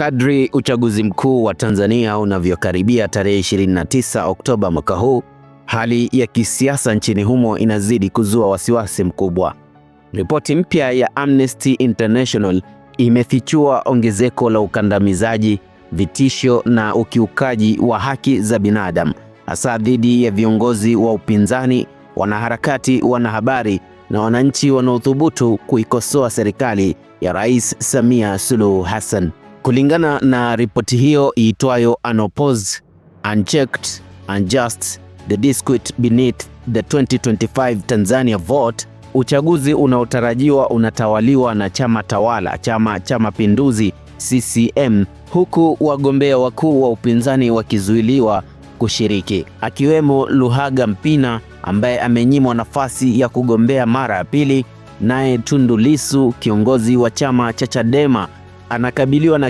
Kadri uchaguzi mkuu wa Tanzania unavyokaribia tarehe 29 Oktoba mwaka huu, hali ya kisiasa nchini humo inazidi kuzua wasiwasi mkubwa. Ripoti mpya ya Amnesty International imefichua ongezeko la ukandamizaji, vitisho na ukiukaji wa haki za binadamu, hasa dhidi ya viongozi wa upinzani, wanaharakati, wanahabari na wananchi wanaothubutu kuikosoa serikali ya Rais Samia Suluhu Hassan. Kulingana na ripoti hiyo iitwayo Unopposed, Unchecked, Unjust, the Dispute Beneath the 2025 Tanzania Vote, uchaguzi unaotarajiwa unatawaliwa na chama tawala, Chama cha Mapinduzi CCM, huku wagombea wakuu wa upinzani wakizuiliwa kushiriki akiwemo Luhaga Mpina ambaye amenyimwa nafasi ya kugombea mara ya pili, naye Tundu Lissu, kiongozi wa chama cha Chadema, anakabiliwa na